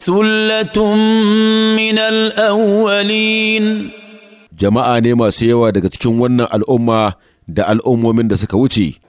ثلة من Jama'a ne masu yawa daga cikin wannan al'umma da al'ummomin da suka wuce